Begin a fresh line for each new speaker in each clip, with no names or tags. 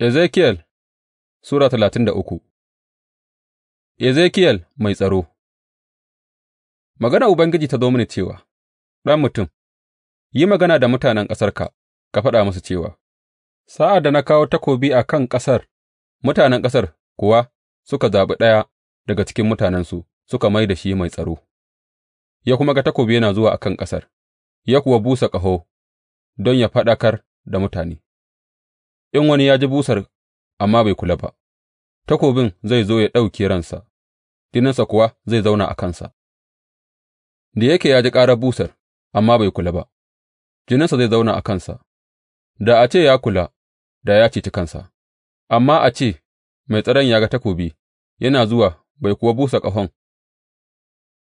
ezekiel Sura talatin da uku ezekiel mai tsaro Magana Ubangiji ta zo mini cewa, Ɗan mutum, yi magana da mutanen ƙasarka, ka faɗa musu cewa, Sa'ad da na kawo takobi a kan ƙasar, mutanen ƙasar kuwa suka zaɓi ɗaya daga cikin mutanensu suka mai da shi mai tsaro, ya kuma ga takobi yana zuwa a kan ƙasar, ya kuwa busa ƙaho don ya faɗakar da mutane. in wani ya ji busar amma bai kula ba, takobin zai zo ya ɗauke ransa, jininsa kuwa zai zauna a kansa, da yake ya ji ƙarar busar amma bai kula ba, jininsa zai zauna a kansa, da a ce ya kula, da ya ceci kansa, amma a ce mai tsaron ya ga takobi yana zuwa bai kuwa busa ƙahon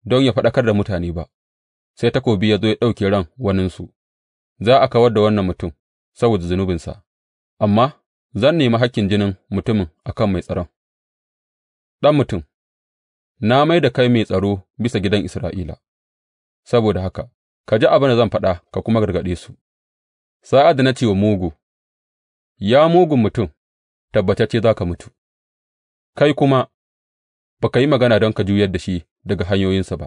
don ya faɗakar da mutane ba, sai takobi ya zo ya ɗauke ran waninsu, za a kawar da wannan mutum saboda zunubinsa. amma zan nemi hakkin jinin mutumin a kan mai tsaron, ɗan mutum, na mai da kai mai tsaro bisa gidan Isra'ila, saboda haka ka ji abin da zan faɗa ka kuma gargaɗe su, sa'ad da na ce wa mugu, Ya mugun mutum, tabbatacce za ka mutu, kai kuma ba ka yi magana don ka juyar da shi daga hanyoyinsa ba,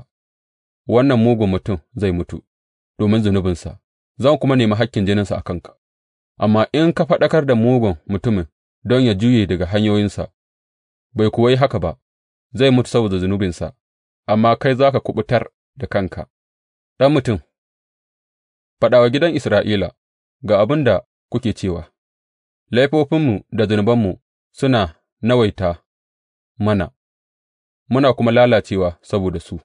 wannan mugun mutum zai mutu domin zunubinsa, zan kuma nemi hakkin jininsa a kanka. Amma in ka faɗakar da mugun mutumin don yă juye daga hanyoyinsa, bai kuwa yi haka ba, zai mutu saboda zunubinsa, amma kai za ka kuɓutar da kanka, ɗan mutum, faɗawa gidan Isra'ila, Ga abin da kuke cewa, Laifofinmu da zunubanmu suna nawaita mana, muna kuma lalacewa saboda su,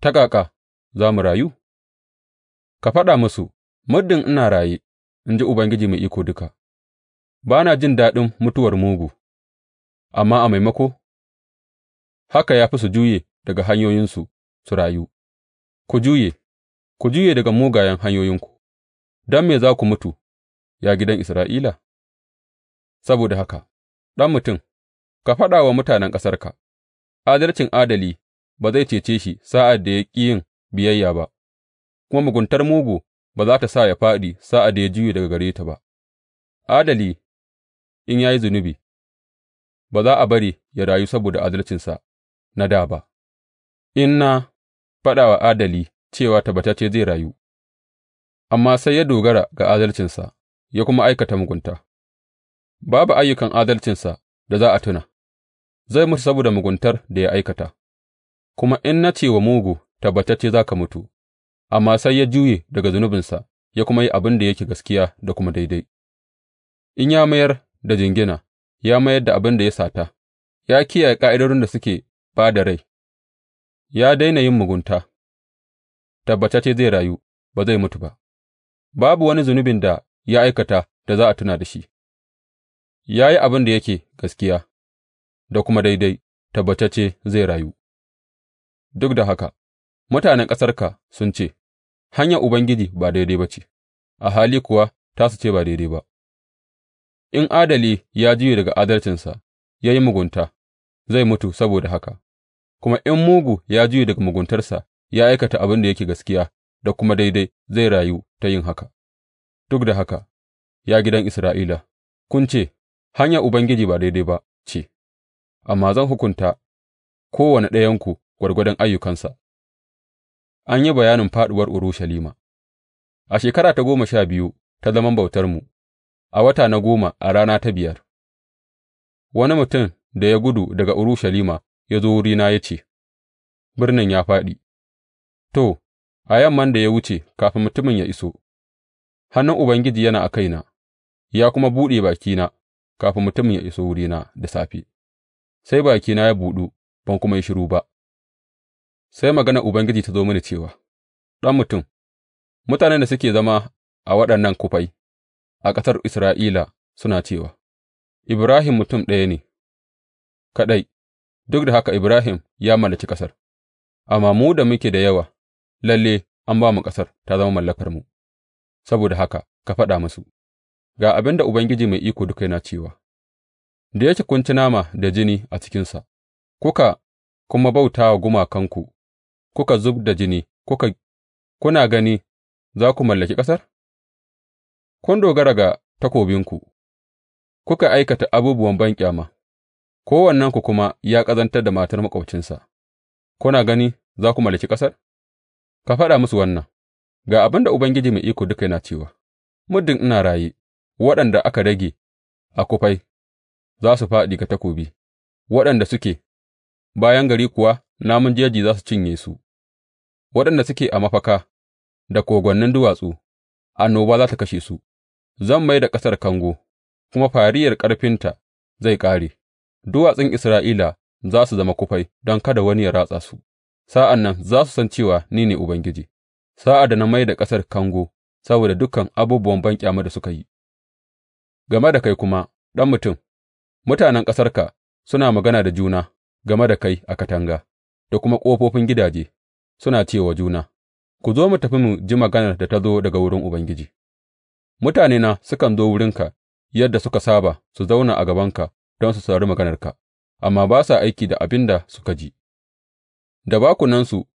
ta ƙaƙa za mu rayu? Ka faɗa musu, Muddin ina raye, in ji Ubangiji Mai Iko Duka, ba na jin daɗin mutuwar mugu, amma a maimako, haka ya fi su juye daga hanyoyinsu su rayu, ku juye, ku juye daga mugayen hanyoyinku, don me za ku mutu, ya gidan Isra'ila? Saboda haka, ɗan mutum, ka faɗa wa mutanen ƙasarka, adalcin adali ba zai cece shi sa'ad da ya ƙi yin biyayya ba, kuma muguntar mugu ba za ta sa ya fāɗi sa'ad da ya juye daga gare ta ba, adali in ya yi zunubi, ba za a bari ya rayu saboda adalcinsa na dā ba, in na faɗa wa adali cewa tabbatacce zai rayu, amma sai ya dogara ga adalcinsa ya kuma aikata mugunta, babu ayyukan adalcinsa da za a tuna, zai mutu saboda muguntar da ya aikata, kuma in na ce wa mugu, tabbatacce za ka mutu. amma sai ya juye daga zunubinsa ya kuma yi abin da yake gaskiya da kuma daidai, in ya mayar da jingina, ya mayar da abin da ya sata, ya kiyaye ƙa'idodin da suke ba da rai, ya daina yin mugunta, tabbatacce zai rayu, ba zai mutu ba, babu wani zunubin da ya aikata da za a tuna da shi, ya yi abin da yake gaskiya da kuma daidai, tabbatacce zai rayu. Duk da haka, mutanen ƙasarka sun ce, Hanyar Ubangiji ba daidai ba ce, A hali kuwa ta su ce ba daidai ba; in adali ya juye daga adalcinsa ya yi mugunta, zai mutu saboda haka, kuma in mugu ya juye daga muguntarsa ya aikata abin da yake gaskiya da kuma daidai, zai rayu ta yin haka; duk da haka, ya gidan Isra'ila, kun ce, Hanyar Ubangiji ba daidai ba ce, amma zan hukunta kowane ɗayanku gwargwadon ayyukansa. An yi bayanin fāɗuwar Urushalima A shekara ta goma sha biyu ta zaman bautarmu, a wata na goma a rana ta biyar, wani mutum da ya gudu daga Urushalima ya zo wurina ya ce, Birnin ya fāɗi, to, a yamman da ya wuce kafin mutumin ya iso, hannun Ubangiji yana a kaina, ya kuma buɗe bakina kafin mutumin ya iso wurina da safe, sai bakina ya buɗu ban kuma yi shiru ba. Sai maganar Ubangiji ta zo mini cewa, Ɗan mutum, mutanen da suke zama a waɗannan kufai a ƙasar Isra'ila suna cewa, Ibrahim mutum ɗaya ne kaɗai, duk da haka Ibrahim ya mallaki ƙasar, amma mu da muke da yawa, lalle an ba mu ƙasar ta zama mallakarmu, saboda haka ka faɗa musu, Ga abin da Ubangiji Mai Iko Duka yana cewa, Da yake kun ci nama da jini a cikinsa, kuka kuma bauta wa gumakanku kuka zub da jini kuka kuna gani za ku mallaki ƙasar? Kun dogara ga takobinku, kuka aikata abubuwan banƙyama, kowannenku kuma ya ƙazantar da matar maƙwabcinsa, kuna gani za ku mallaki ƙasar? Ka faɗa musu wannan, ga abin da Ubangiji Mai Iko Duka yana cewa, Muddin ina raye, waɗanda aka rage a kufai za su faɗi ga takobi, waɗanda suke bayan gari kuwa namun jeji za su cinye su. waɗanda suke a mafaka da kogwannin duwatsu, annoba za tă kashe su, zan mai da ƙasar kango, kuma fariyar ƙarfinta zai ƙare, duwatsun Isra'ila za su zama kufai don kada wani ya ratsa su, sa'an nan za su san cewa ni ne Ubangiji, sa'ad da na mai da ƙasar kango saboda dukan abubuwan banƙyama da suka yi. Game da kai kuma, ɗan mutum, mutanen ƙasarka suna magana da juna game da kai a katanga da kuma ƙofofin gidaje. suna ce wa juna, Ku zo mu tafi mu ji maganar da ta zo daga wurin Ubangiji; mutanena sukan zo wurinka yadda suka saba su zauna a gabanka don su saurari maganarka, amma ba sa aiki da abin da suka ji, da bakunansu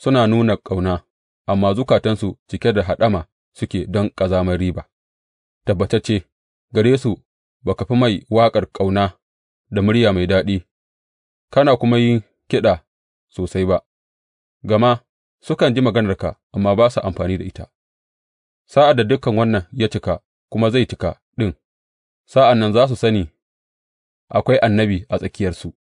suna nuna ƙauna, amma zukatansu cike da haɗama suke don ƙazamar riba, tabbatacce gare su ba ka fi mai waƙar ƙauna da murya mai daɗi, kana kuma yin kiɗa sosai ba. Gama sukan ji maganarka amma ba sa amfani da ita; sa'ad da dukan wannan ya cika kuma zai cika ɗin, sa'an nan za su sani akwai annabi a tsakiyarsu.